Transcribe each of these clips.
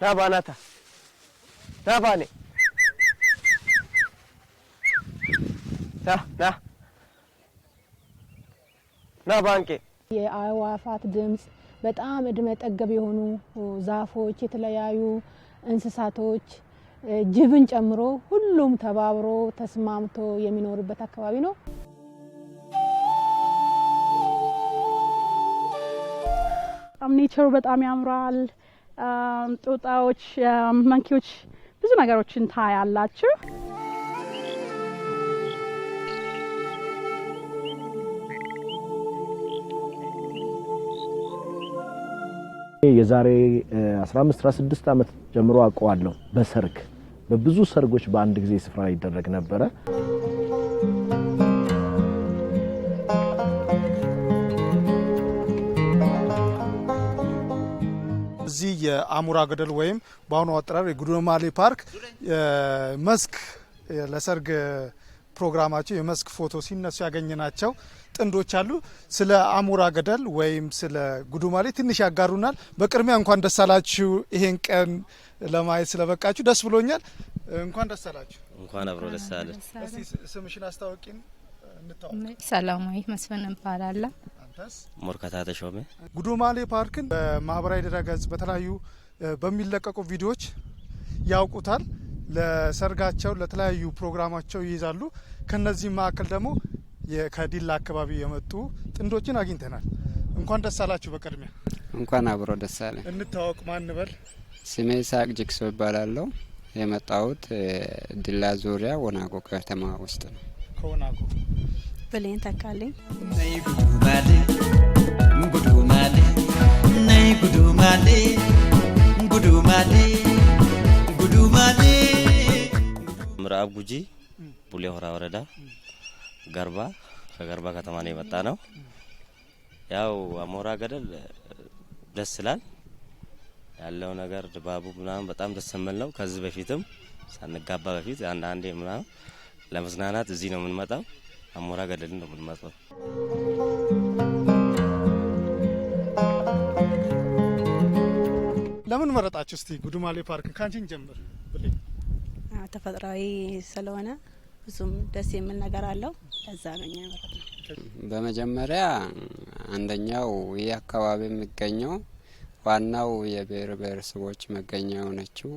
ዳባ ናታ ዳባ ኔ ና ና ባንቄ የአእዋፋት ድምፅ በጣም እድሜ ጠገብ የሆኑ ዛፎች፣ የተለያዩ እንስሳቶች ጅብን ጨምሮ ሁሉም ተባብሮ ተስማምቶ የሚኖርበት አካባቢ ነው። ኔቸሩ በጣም ያምራል። ጦጣዎች፣ መንኪዎች ብዙ ነገሮችን ታያላችሁ። የዛሬ 15 16 ዓመት ጀምሮ አውቀዋለሁ። በሰርግ በብዙ ሰርጎች በአንድ ጊዜ ስፍራ ይደረግ ነበረ። የአሙራ ገደል ወይም በአሁኑ አጠራር የጉዱማሌ ፓርክ መስክ ለሰርግ ፕሮግራማቸው የመስክ ፎቶ ሲነሱ ያገኘናቸው ጥንዶች አሉ። ስለ አሙራ ገደል ወይም ስለ ጉዱማሌ ትንሽ ያጋሩናል። በቅድሚያ እንኳን ደስ አላችሁ፣ ይሄን ቀን ለማየት ስለበቃችሁ ደስ ብሎኛል። እንኳን ደስ አላችሁ። እንኳን አብሮ ደስ አለ። እስቲ ስምሽን አስታውቂን። ሰላማዊ መስፍን እባላለሁ። ሞርካታ ተሾመ ጉዱማሌ ፓርክን በማህበራዊ ድረገጽ በተለያዩ በሚለቀቁ ቪዲዮዎች ያውቁታል። ለሰርጋቸው ለተለያዩ ፕሮግራማቸው ይይዛሉ። ከነዚህ መካከል ደግሞ ከዲላ አካባቢ የመጡ ጥንዶችን አግኝተናል። እንኳን ደስ አላችሁ። በቅድሚያ እንኳን አብሮ ደስ አለ። እንታወቅ ማን በል። ስሜ ሳቅ ጅክሶ ይባላለሁ። የመጣሁት ዲላ ዙሪያ ወናጎ ከተማ ውስጥ ነው። ከወናጎ ብሌን ተካልኝ ምዕራብ ጉጂ ቡሌ ሆራ ወረዳ ገርባ ከገርባ ከተማ ነው የመጣ ነው። ያው አሞራ ገደል ደስ ይላል ያለው ነገር ድባቡ ምናምን በጣም ደስ የሚል ነው። ከዚህ በፊትም ሳንጋባ በፊት አንዳንዴ ምናምን ለመዝናናት እዚህ ነው የምንመጣው። አሞራ ገደልን ነው የምንመጣው። ለምን መረጣችሁ? እስቲ ጉዱማሌ ፓርክ ካንቺን ጀምር። ተፈጥሯዊ ስለሆነ ብዙም ደስ የሚል ነገር አለው። እዛ ነው እኛ በመጀመሪያ አንደኛው ይህ አካባቢ የሚገኘው ዋናው የብሔር ብሔረሰቦች መገኛ የሆነችው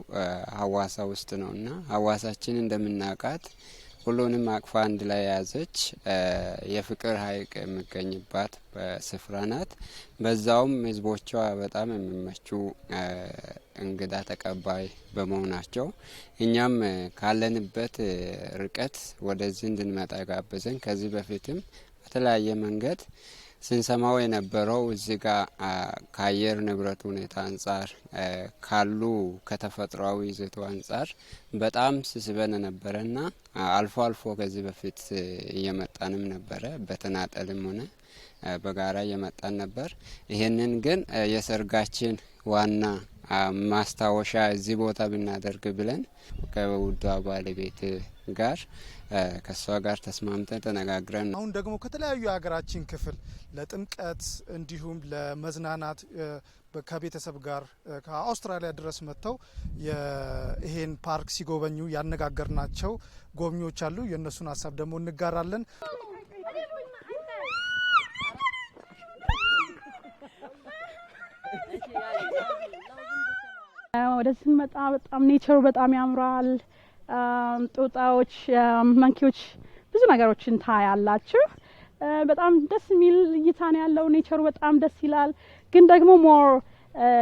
ሀዋሳ ውስጥ ነው እና ሀዋሳችን እንደምናውቃት ሁሉንም አቅፋ አንድ ላይ የያዘች የፍቅር ሐይቅ የሚገኝባት ስፍራ ናት። በዛውም ህዝቦቿ በጣም የሚመቹ እንግዳ ተቀባይ በመሆናቸው እኛም ካለንበት ርቀት ወደዚህ እንድንመጣ ጋበዘን። ከዚህ በፊትም በተለያየ መንገድ ስንሰማው የነበረው እዚህ ጋር ከአየር ንብረት ሁኔታ አንጻር ካሉ ከተፈጥሯዊ ይዘቱ አንጻር በጣም ስስበን ነበረና አልፎ አልፎ ከዚህ በፊት እየመጣንም ነበረ በተናጠልም ሆነ በጋራ እየመጣን ነበር። ይህንን ግን የሰርጋችን ዋና ማስታወሻ እዚህ ቦታ ብናደርግ ብለን ከውዷ ባለቤት ጋር ከእሷ ጋር ተስማምተን ተነጋግረን አሁን ደግሞ ከተለያዩ የሀገራችን ክፍል ለጥምቀት እንዲሁም ለመዝናናት ከቤተሰብ ጋር ከአውስትራሊያ ድረስ መጥተው ይሄን ፓርክ ሲጎበኙ ያነጋገርናቸው ጎብኚዎች አሉ። የእነሱን ሀሳብ ደግሞ እንጋራለን። ወደዚህ ስንመጣ በጣም ኔቸሩ በጣም ያምራል። ጦጣዎች፣ መንኪዎች ብዙ ነገሮችን ታያላችሁ። በጣም ደስ የሚል እይታ ነው ያለው። ኔቸሩ በጣም ደስ ይላል። ግን ደግሞ ሞር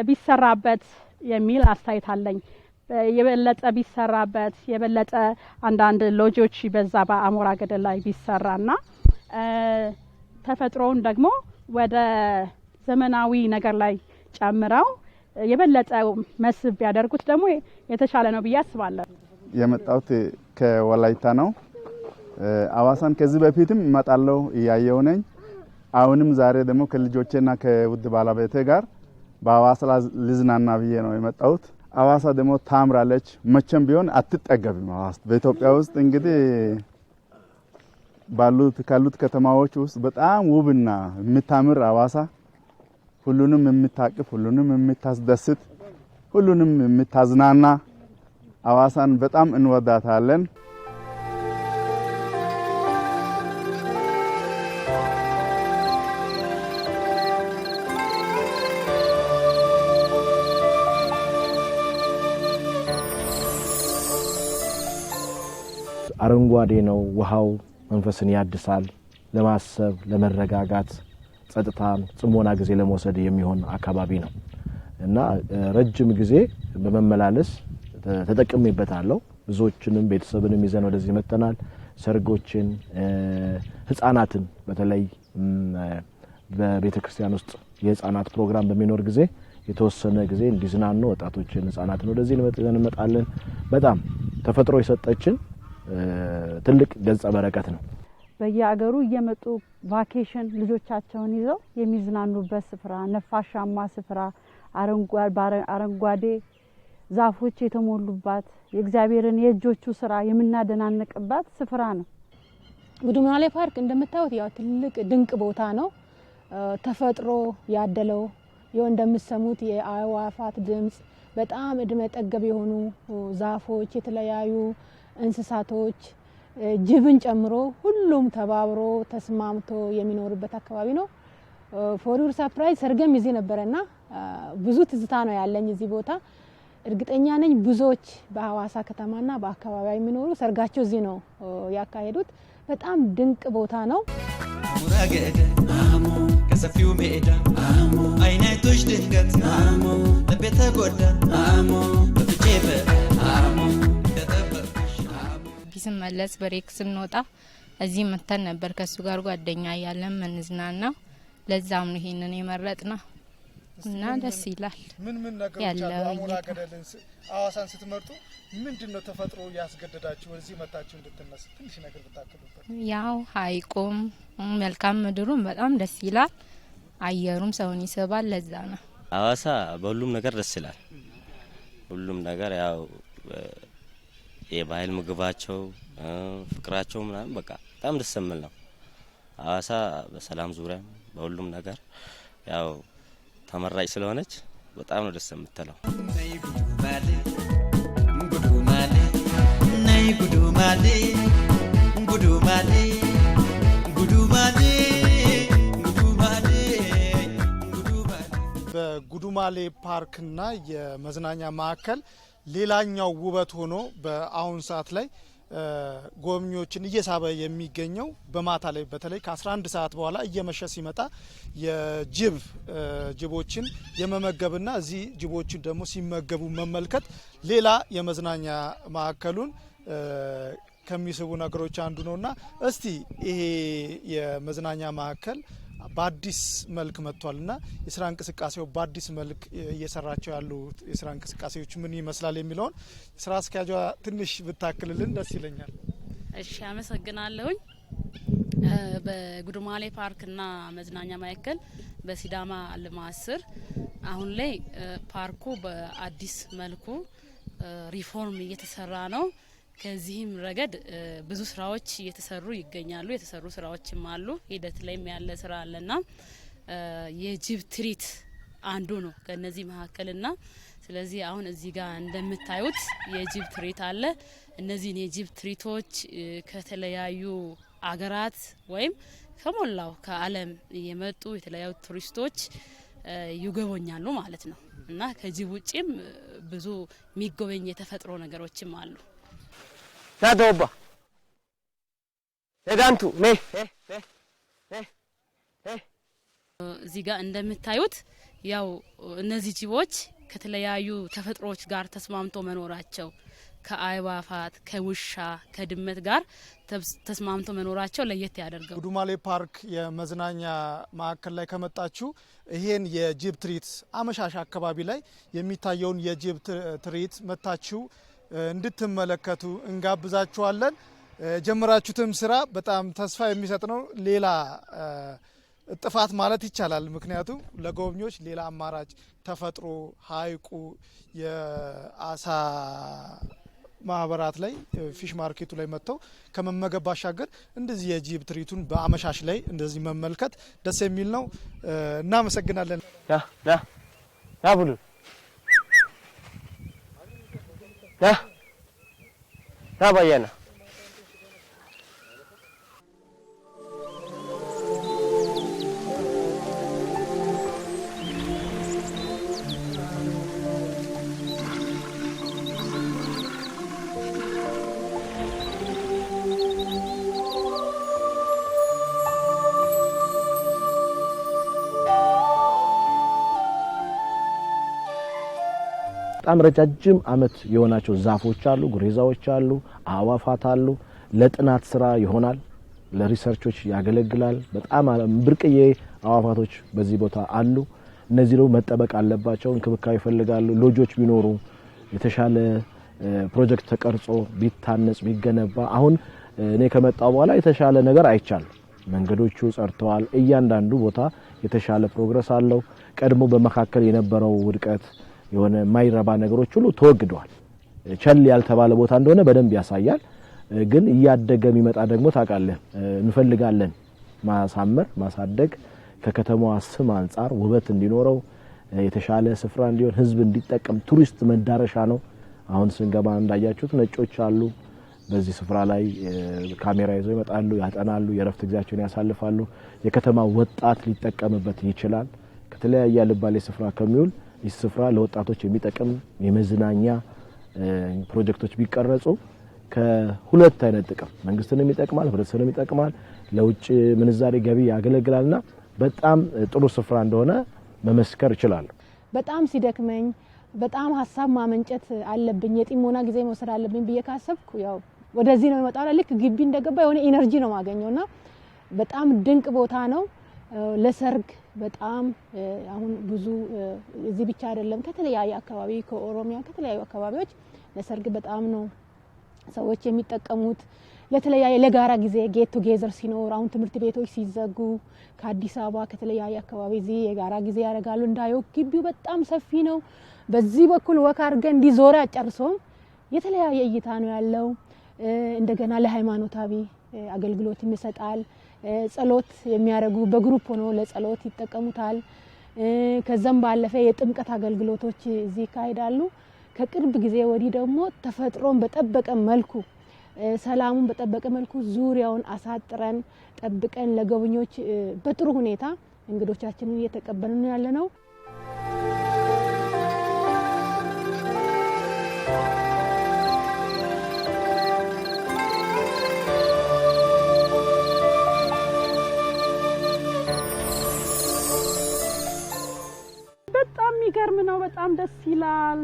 ቢሰራበት የሚል አስተያየት አለኝ። የበለጠ ቢሰራበት የበለጠ አንዳንድ ሎጆች በዛ በአሞራ ገደል ላይ ቢሰራና ተፈጥሮውን ደግሞ ወደ ዘመናዊ ነገር ላይ ጨምረው የበለጠ መስህብ ቢያደርጉት ደግሞ የተሻለ ነው ብዬ አስባለሁ። የመጣሁት ከወላይታ ነው። አዋሳን ከዚህ በፊትም እመጣለሁ እያየሁ ነኝ። አሁንም ዛሬ ደግሞ ከልጆቼና ከውድ ባለቤቴ ጋር በአዋሳ ልዝናና ብዬ ነው የመጣሁት። አዋሳ ደግሞ ታምራለች። መቼም ቢሆን አትጠገብም። አዋሳ በኢትዮጵያ ውስጥ እንግዲህ ባሉት ካሉት ከተማዎች ውስጥ በጣም ውብና የምታምር አዋሳ ሁሉንም የምታቅፍ፣ ሁሉንም የምታስደስት፣ ሁሉንም የምታዝናና ሐዋሳን በጣም እንወዳታለን። አረንጓዴ ነው። ውሃው መንፈስን ያድሳል። ለማሰብ፣ ለመረጋጋት፣ ጸጥታን፣ ጽሞና ጊዜ ለመውሰድ የሚሆን አካባቢ ነው እና ረጅም ጊዜ በመመላለስ ተጠቅሜበታለሁ። ብዙዎችንም ቤተሰብንም ይዘን ወደዚህ መጥተናል። ሰርጎችን፣ ህጻናትን በተለይ በቤተ ክርስቲያን ውስጥ የህጻናት ፕሮግራም በሚኖር ጊዜ የተወሰነ ጊዜ እንዲዝናኑ ወጣቶችን፣ ህጻናትን ወደዚህ እንመጣለን። በጣም ተፈጥሮ የሰጠችን ትልቅ ገጸ በረከት ነው። በየአገሩ እየመጡ ቫኬሽን ልጆቻቸውን ይዘው የሚዝናኑበት ስፍራ፣ ነፋሻማ ስፍራ፣ አረንጓዴ ዛፎች የተሞሉባት የእግዚአብሔርን የእጆቹ ስራ የምናደናንቅባት ስፍራ ነው። ጉዱማሌ ፓርክ እንደምታዩት ያው ትልቅ ድንቅ ቦታ ነው። ተፈጥሮ ያደለው ይኸው እንደምሰሙት የአእዋፋት ድምፅ፣ በጣም እድሜ ጠገብ የሆኑ ዛፎች፣ የተለያዩ እንስሳቶች ጅብን ጨምሮ ሁሉም ተባብሮ ተስማምቶ የሚኖርበት አካባቢ ነው። ፎሪር ሰርፕራይዝ ሰርገም ይዜ ነበረና ብዙ ትዝታ ነው ያለኝ እዚህ ቦታ እርግጠኛ ነኝ ብዙዎች በሀዋሳ ከተማና በአካባቢዋ የሚኖሩ ሰርጋቸው እዚህ ነው ያካሄዱት። በጣም ድንቅ ቦታ ነው። ከሰፊው ሜዳ አይነቶች ድንገት ቤተጎዳ ስመለስ በሬክ ስንወጣ እዚህ መተን ነበር ከእሱ ጋር ጓደኛ እያለን ምንዝናናው። ለዛም ነው ይሄንን የመረጥ ነው። እና ደስ ይላል። ምን ምን ነገሮች አሉ? አሞራ አዋሳን ስትመርጡ ምንድን ነው ተፈጥሮ ያስገደዳችሁ ወደዚህ መጣችሁ እንድትነሱ ትንሽ ነገር ብታክሉበት። ያው ሀይቁም መልካም ምድሩም በጣም ደስ ይላል። አየሩም ሰውን ይስባል። ለዛ ነው አዋሳ በሁሉም ነገር ደስ ይላል። ሁሉም ነገር ያው የባህል ምግባቸው፣ ፍቅራቸው ምናምን በቃ በጣም ደስ የሚል ነው። አዋሳ በሰላም ዙሪያ በሁሉም ነገር ያው ተመራጭ ስለሆነች በጣም ነው ደስ የምትለው። በጉዱማሌ ፓርክና የመዝናኛ ማዕከል ሌላኛው ውበት ሆኖ በአሁን ሰዓት ላይ ጎብኚዎችን እየሳበ የሚገኘው በማታ ላይ በተለይ ከ11 ሰዓት በኋላ እየመሸ ሲመጣ የጅብ ጅቦችን የመመገብና እዚህ ጅቦችን ደግሞ ሲመገቡ መመልከት ሌላ የመዝናኛ ማዕከሉን ከሚስቡ ነገሮች አንዱ ነውና እስቲ ይሄ የመዝናኛ ማዕከል በአዲስ መልክ መጥቷል እና የስራ እንቅስቃሴው በአዲስ መልክ እየሰራቸው ያሉ የስራ እንቅስቃሴዎች ምን ይመስላል የሚለውን ስራ አስኪያጇ ትንሽ ብታክልልን ደስ ይለኛል። እሺ፣ አመሰግናለሁኝ። ፓርክ ፓርክና መዝናኛ ማዕከል በሲዳማ ልማት ስር አሁን ላይ ፓርኩ በአዲስ መልኩ ሪፎርም እየተሰራ ነው። ከዚህም ረገድ ብዙ ስራዎች እየተሰሩ ይገኛሉ። የተሰሩ ስራዎችም አሉ፣ ሂደት ላይም ያለ ስራ አለና የጅብ ትሪት አንዱ ነው ከነዚህ መካከልና ስለዚህ አሁን እዚህ ጋር እንደምታዩት የጅብ ትሪት አለ። እነዚህን የጅብ ትሪቶች ከተለያዩ አገራት ወይም ከሞላው ከዓለም የመጡ የተለያዩ ቱሪስቶች ይጎበኛሉ ማለት ነው እና ከጅብ ውጭም ብዙ የሚጎበኝ የተፈጥሮ ነገሮችም አሉ። ዛት ኦባ ለጋንቱ ሜ እዚህ ጋር እንደምታዩት ያው እነዚህ ጅቦች ከተለያዩ ተፈጥሮዎች ጋር ተስማምቶ መኖራቸው ከአእዋፋት፣ ከውሻ፣ ከድመት ጋር ተስማምቶ መኖራቸው ለየት ያደርገው ጉዱማሌ ፓርክ የመዝናኛ ማዕከል ላይ ከመጣችሁ ይሄን የጅብ ትርኢት አመሻሽ አካባቢ ላይ የሚታየውን የጅብ ትርኢት መታችሁ እንድትመለከቱ እንጋብዛችኋለን። የጀመራችሁትም ስራ በጣም ተስፋ የሚሰጥ ነው። ሌላ ጥፋት ማለት ይቻላል። ምክንያቱም ለጎብኚዎች ሌላ አማራጭ ተፈጥሮ፣ ሐይቁ፣ የአሳ ማህበራት ላይ ፊሽ ማርኬቱ ላይ መጥተው ከመመገብ ባሻገር እንደዚህ የጂብ ትርኢቱን በአመሻሽ ላይ እንደዚህ መመልከት ደስ የሚል ነው። እናመሰግናለን። ዳ ዳ ዳ ना हा बाई በጣም ረጃጅም አመት የሆናቸው ዛፎች አሉ፣ ጉሬዛዎች አሉ፣ አዋፋት አሉ። ለጥናት ስራ ይሆናል፣ ለሪሰርቾች ያገለግላል። በጣም ብርቅዬ አዋፋቶች በዚህ ቦታ አሉ። እነዚህ ደግሞ መጠበቅ አለባቸው፣ እንክብካቤ ይፈልጋሉ። ሎጆች ቢኖሩ የተሻለ ፕሮጀክት ተቀርጾ ቢታነጽ ቢገነባ። አሁን እኔ ከመጣው በኋላ የተሻለ ነገር አይቻል መንገዶቹ ጸድተዋል። እያንዳንዱ ቦታ የተሻለ ፕሮግረስ አለው። ቀድሞ በመካከል የነበረው ውድቀት የሆነ የማይረባ ነገሮች ሁሉ ተወግደዋል። ቸል ያልተባለ ቦታ እንደሆነ በደንብ ያሳያል። ግን እያደገ የሚመጣ ደግሞ ታውቃለህ፣ እንፈልጋለን ማሳመር፣ ማሳደግ ከከተማዋ ስም አንጻር ውበት እንዲኖረው የተሻለ ስፍራ እንዲሆን ህዝብ እንዲጠቀም ቱሪስት መዳረሻ ነው። አሁን ስንገባ እንዳያችሁት ነጮች አሉ። በዚህ ስፍራ ላይ ካሜራ ይዘው ይመጣሉ፣ ያጠናሉ፣ የረፍት ጊዜያቸውን ያሳልፋሉ። የከተማ ወጣት ሊጠቀምበት ይችላል። ከተለያየ አልባሌ ስፍራ ከሚውል ይህ ስፍራ ለወጣቶች የሚጠቅም የመዝናኛ ፕሮጀክቶች ቢቀረጹ ከሁለት አይነት ጥቅም መንግስትንም ይጠቅማል፣ ህብረተሰብንም ይጠቅማል፣ ለውጭ ምንዛሬ ገቢ ያገለግላልና በጣም ጥሩ ስፍራ እንደሆነ መመስከር እችላለሁ። በጣም ሲደክመኝ በጣም ሀሳብ ማመንጨት አለብኝ፣ የጢሞና ጊዜ መውሰድ አለብኝ ብዬ ካሰብኩ ያው ወደዚህ ነው የመጣው። ልክ ግቢ እንደገባ የሆነ ኢነርጂ ነው ማገኘውና በጣም ድንቅ ቦታ ነው። ለሰርግ በጣም አሁን ብዙ እዚህ ብቻ አይደለም፣ ከተለያየ አካባቢ ከኦሮሚያ ከተለያዩ አካባቢዎች ለሰርግ በጣም ነው ሰዎች የሚጠቀሙት። ለተለያየ ለጋራ ጊዜ ጌት ቱጌዘር ሲኖር አሁን ትምህርት ቤቶች ሲዘጉ ከአዲስ አበባ ከተለያየ አካባቢ እዚህ የጋራ ጊዜ ያደርጋሉ። እንዳየው ግቢው በጣም ሰፊ ነው። በዚህ በኩል ወክ አድርገን እንዲዞረ አጨርሶም የተለያየ እይታ ነው ያለው። እንደገና ለሃይማኖታዊ አገልግሎትም ይሰጣል። ጸሎት የሚያደርጉ በግሩፕ ሆኖ ለጸሎት ይጠቀሙታል። ከዛም ባለፈ የጥምቀት አገልግሎቶች እዚህ ይካሄዳሉ። ከቅርብ ጊዜ ወዲህ ደግሞ ተፈጥሮን በጠበቀ መልኩ ሰላሙን በጠበቀ መልኩ ዙሪያውን አሳጥረን ጠብቀን ለጎብኚዎች በጥሩ ሁኔታ እንግዶቻችንን እየተቀበልን ያለ ነው። የሚገርም ነው። በጣም ደስ ይላል።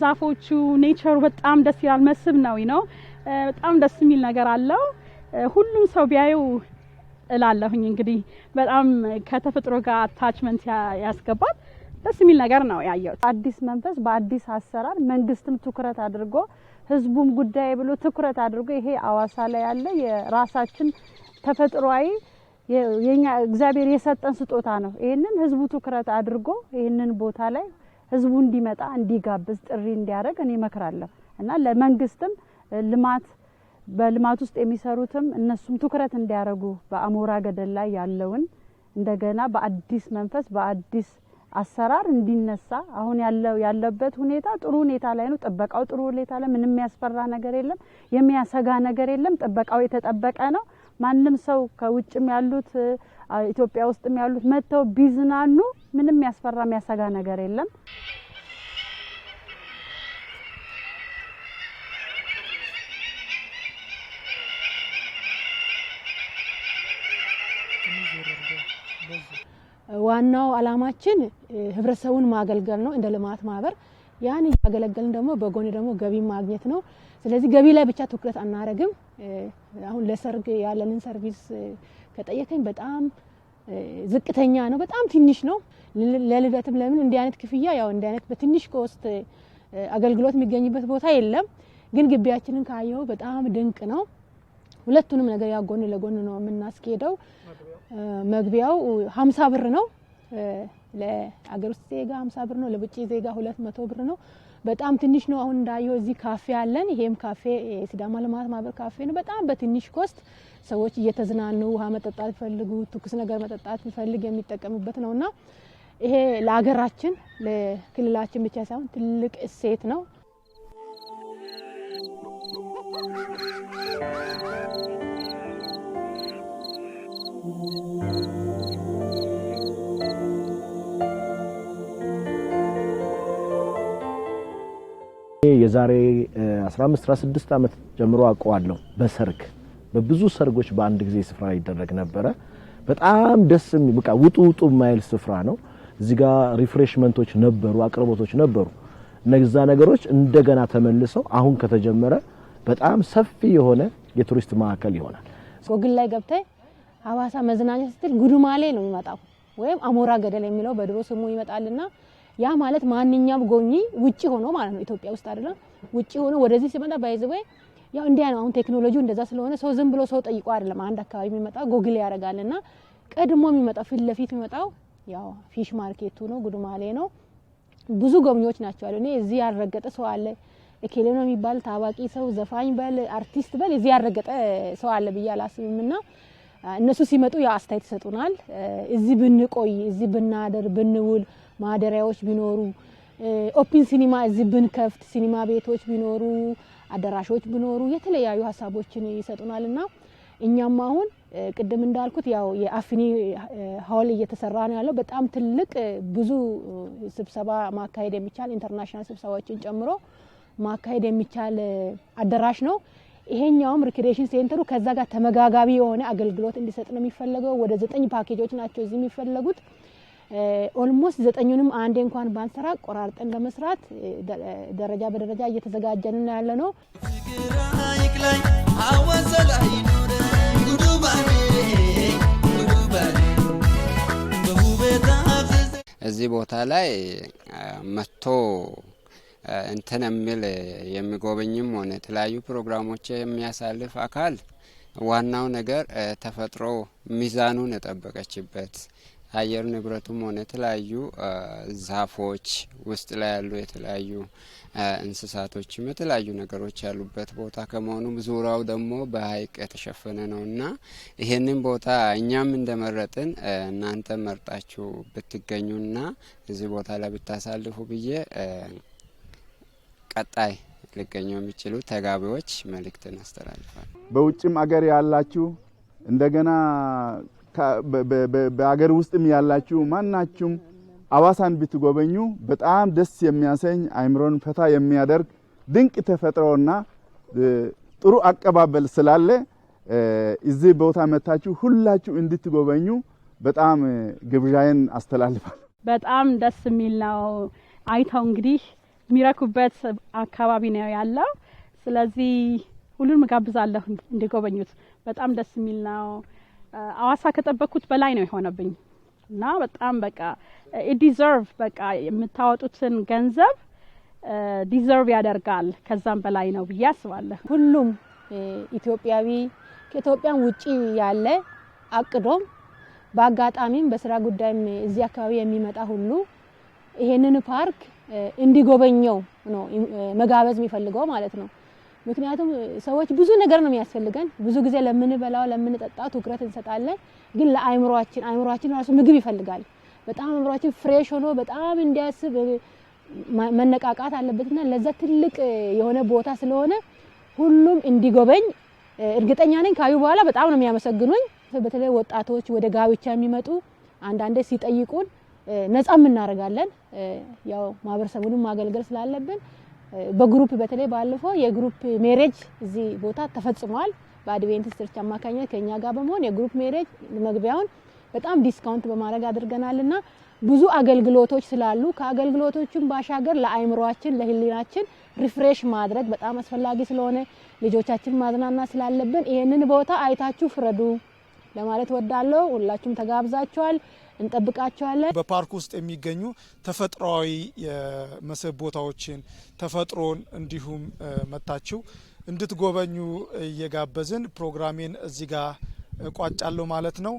ዛፎቹ፣ ኔቸሩ በጣም ደስ ይላል። መስህብ ነው ነው በጣም ደስ የሚል ነገር አለው። ሁሉም ሰው ቢያዩ እላለሁኝ። እንግዲህ በጣም ከተፈጥሮ ጋር አታችመንት ያስገባል። ደስ የሚል ነገር ነው ያየሁት። አዲስ መንፈስ በአዲስ አሰራር መንግስትም ትኩረት አድርጎ ህዝቡም ጉዳይ ብሎ ትኩረት አድርጎ ይሄ አዋሳ ላይ ያለ የራሳችን ተፈጥሯዊ የኛ እግዚአብሔር የሰጠን ስጦታ ነው። ይህንን ህዝቡ ትኩረት አድርጎ ይህንን ቦታ ላይ ህዝቡ እንዲመጣ እንዲጋብዝ ጥሪ እንዲያደርግ እኔ እመክራለሁ እና ለመንግስትም ልማት በልማት ውስጥ የሚሰሩትም እነሱም ትኩረት እንዲያደርጉ በአሞራ ገደል ላይ ያለውን እንደገና በአዲስ መንፈስ በአዲስ አሰራር እንዲነሳ አሁን ያለው ያለበት ሁኔታ ጥሩ ሁኔታ ላይ ነው። ጥበቃው ጥሩ ሁኔታ ላይ ምንም የሚያስፈራ ነገር የለም፣ የሚያሰጋ ነገር የለም። ጥበቃው የተጠበቀ ነው። ማንም ሰው ከውጭም ያሉት ኢትዮጵያ ውስጥም ያሉት መጥተው ቢዝናኑ ምንም የሚያስፈራ የሚያሰጋ ነገር የለም። ዋናው አላማችን ህብረተሰቡን ማገልገል ነው። እንደ ልማት ማህበር ያን እያገለገልን ደግሞ በጎን ደግሞ ገቢ ማግኘት ነው። ስለዚህ ገቢ ላይ ብቻ ትኩረት አናረግም። አሁን ለሰርግ ያለንን ሰርቪስ ከጠየቀኝ በጣም ዝቅተኛ ነው፣ በጣም ትንሽ ነው። ለልደትም ለምን እንዲህ አይነት ክፍያ ያው እንዲህ አይነት በትንሽ ኮስት አገልግሎት የሚገኝበት ቦታ የለም። ግን ግቢያችንን ካየው በጣም ድንቅ ነው። ሁለቱንም ነገር ያው ጎን ለጎን ነው የምናስኬደው። መግቢያው ሀምሳ ብር ነው ለአገር ውስጥ ዜጋ ሀምሳ ብር ነው፣ ለውጭ ዜጋ ሁለት መቶ ብር ነው። በጣም ትንሽ ነው። አሁን እንዳየው እዚህ ካፌ አለን። ይሄም ካፌ ሲዳማ ልማት ማህበር ካፌ ነው። በጣም በትንሽ ኮስት ሰዎች እየተዝናኑ ውሃ መጠጣት ቢፈልጉ ትኩስ ነገር መጠጣት ቢፈልግ የሚጠቀሙበት እና ይሄ ለሀገራችን ለክልላችን ብቻ ሳይሆን ትልቅ እሴት ነው። የዛሬ 15 16 ዓመት ጀምሮ አውቀዋለሁ። በሰርግ በብዙ ሰርጎች በአንድ ጊዜ ስፍራ ይደረግ ነበረ። በጣም ደስ በቃ ውጡ ውጡ የማይል ስፍራ ነው። እዚህ ጋር ሪፍሬሽመንቶች ነበሩ፣ አቅርቦቶች ነበሩ። እነዛ ነገሮች እንደገና ተመልሰው አሁን ከተጀመረ በጣም ሰፊ የሆነ የቱሪስት ማዕከል ይሆናል። ጎግል ላይ ገብተህ ሀዋሳ መዝናኛ ስትል ጉዱማሌ ነው የሚመጣው ወይም አሞራ ገደል የሚለው በድሮ ስሙ ይመጣልና ያ ማለት ማንኛውም ጎብኚ ውጪ ሆኖ ማለት ነው ኢትዮጵያ ውስጥ አይደለም ውጪ ሆኖ ወደዚህ ሲመጣ ባይዘወይ ያው እንዲያ ነው። አሁን ቴክኖሎጂው እንደዛ ስለሆነ ሰው ዝም ብሎ ሰው ጠይቆ አይደለም አንድ አካባቢ የሚመጣው ጎግል ያደርጋልና ቀድሞ የሚመጣው ፊት ለፊት የሚመጣው ያው ፊሽ ማርኬቱ ነው፣ ጉዱማሌ ነው። ብዙ ጎብኚዎች ናቸው አሉ። እኔ እዚህ ያልረገጠ ሰው አለ እኬሌ ነው የሚባል ታዋቂ ሰው ዘፋኝ በል አርቲስት በል እዚህ ያልረገጠ ሰው አለ ብዬ አላስብም። እና እነሱ ሲመጡ ያው አስተያየት ይሰጡናል። እዚህ ብንቆይ፣ እዚህ ብናደር፣ ብንውል ማደሪያዎች ቢኖሩ፣ ኦፕን ሲኒማ እዚህ ብንከፍት፣ ሲኒማ ቤቶች ቢኖሩ፣ አዳራሾች ቢኖሩ የተለያዩ ሀሳቦችን ይሰጡናል እና እኛም አሁን ቅድም እንዳልኩት ያው የአፍኒ ሀውል እየተሰራ ነው ያለው። በጣም ትልቅ ብዙ ስብሰባ ማካሄድ የሚቻል ኢንተርናሽናል ስብሰባዎችን ጨምሮ ማካሄድ የሚቻል አዳራሽ ነው። ይሄኛውም ሪክሬሽን ሴንተሩ ከዛ ጋር ተመጋጋቢ የሆነ አገልግሎት እንዲሰጥ ነው የሚፈለገው። ወደ ዘጠኝ ፓኬጆች ናቸው እዚህ የሚፈለጉት። ኦልሞስት ዘጠኙንም አንዴ እንኳን ባንሰራ ቆራርጠን ለመስራት ደረጃ በደረጃ እየተዘጋጀን ያለ ነው። እዚህ ቦታ ላይ መጥቶ እንትን የሚል የሚጎበኝም ሆነ የተለያዩ ፕሮግራሞች የሚያሳልፍ አካል ዋናው ነገር ተፈጥሮ ሚዛኑን የጠበቀችበት አየር ንብረቱም ሆነ የተለያዩ ዛፎች ውስጥ ላይ ያሉ የተለያዩ እንስሳቶችም የተለያዩ ነገሮች ያሉበት ቦታ ከመሆኑ ዙሪያው ደግሞ በሀይቅ የተሸፈነ ነው እና ይሄንን ቦታ እኛም እንደመረጥን እናንተ መርጣችሁ ብትገኙና እዚህ ቦታ ላይ ብታሳልፉ ብዬ ቀጣይ ሊገኙ የሚችሉ ተጋቢዎች መልእክትን አስተላልፋል። በውጭም አገር ያላችሁ እንደገና በሀገር ውስጥም ያላችሁ ማናችሁም አዋሳን ብትጎበኙ በጣም ደስ የሚያሰኝ አይምሮን ፈታ የሚያደርግ ድንቅ ተፈጥሮና ጥሩ አቀባበል ስላለ እዚህ ቦታ መታችሁ ሁላችሁ እንድትጎበኙ በጣም ግብዣዬን አስተላልፋለሁ። በጣም ደስ የሚል ነው። አይተው እንግዲህ የሚረኩበት አካባቢ ነው ያለው። ስለዚህ ሁሉንም እጋብዛለሁ እንዲጎበኙት። በጣም ደስ የሚል ነው። አዋሳ ከጠበቅኩት በላይ ነው የሆነብኝ እና በጣም በቃ ዲዘርቭ በቃ የምታወጡትን ገንዘብ ዲዘርቭ ያደርጋል ከዛም በላይ ነው ብዬ አስባለሁ። ሁሉም ኢትዮጵያዊ ከኢትዮጵያን ውጪ ያለ አቅዶም በአጋጣሚም በስራ ጉዳይም እዚህ አካባቢ የሚመጣ ሁሉ ይሄንን ፓርክ እንዲጎበኘው ነው መጋበዝ የሚፈልገው ማለት ነው። ምክንያቱም ሰዎች ብዙ ነገር ነው የሚያስፈልገን። ብዙ ጊዜ ለምንበላው ለምንጠጣው ትኩረት እንሰጣለን፣ ግን ለአይምሯችን አይምሯችን ራሱ ምግብ ይፈልጋል። በጣም አይምሯችን ፍሬሽ ሆኖ በጣም እንዲያስብ መነቃቃት አለበትና ለዛ ትልቅ የሆነ ቦታ ስለሆነ ሁሉም እንዲጎበኝ እርግጠኛ ነኝ። ካዩ በኋላ በጣም ነው የሚያመሰግኑኝ። በተለይ ወጣቶች ወደ ጋብቻ የሚመጡ አንዳንዴ ሲጠይቁን ነጻም እናደርጋለን። ያው ማህበረሰቡንም ማገልገል ስላለብን በግሩፕ በተለይ ባለፈው የግሩፕ ሜሬጅ እዚህ ቦታ ተፈጽሟል። በአድቬንቲስት ቸርች አማካኝነት ከኛ ጋር በመሆን የግሩፕ ሜሬጅ መግቢያውን በጣም ዲስካውንት በማድረግ አድርገናል እና ብዙ አገልግሎቶች ስላሉ ከአገልግሎቶችን ባሻገር ለአይምሯችን ለህሊናችን ሪፍሬሽ ማድረግ በጣም አስፈላጊ ስለሆነ ልጆቻችን ማዝናና ስላለብን ይህንን ቦታ አይታችሁ ፍረዱ ለማለት ወዳለው። ሁላችሁም ተጋብዛችኋል። እንጠብቃቸዋለን። በፓርክ ውስጥ የሚገኙ ተፈጥሯዊ የመስህብ ቦታዎችን ተፈጥሮን እንዲሁም መታችሁ እንድትጎበኙ እየጋበዝን ፕሮግራሜን እዚህ ጋር እቋጫለሁ ማለት ነው።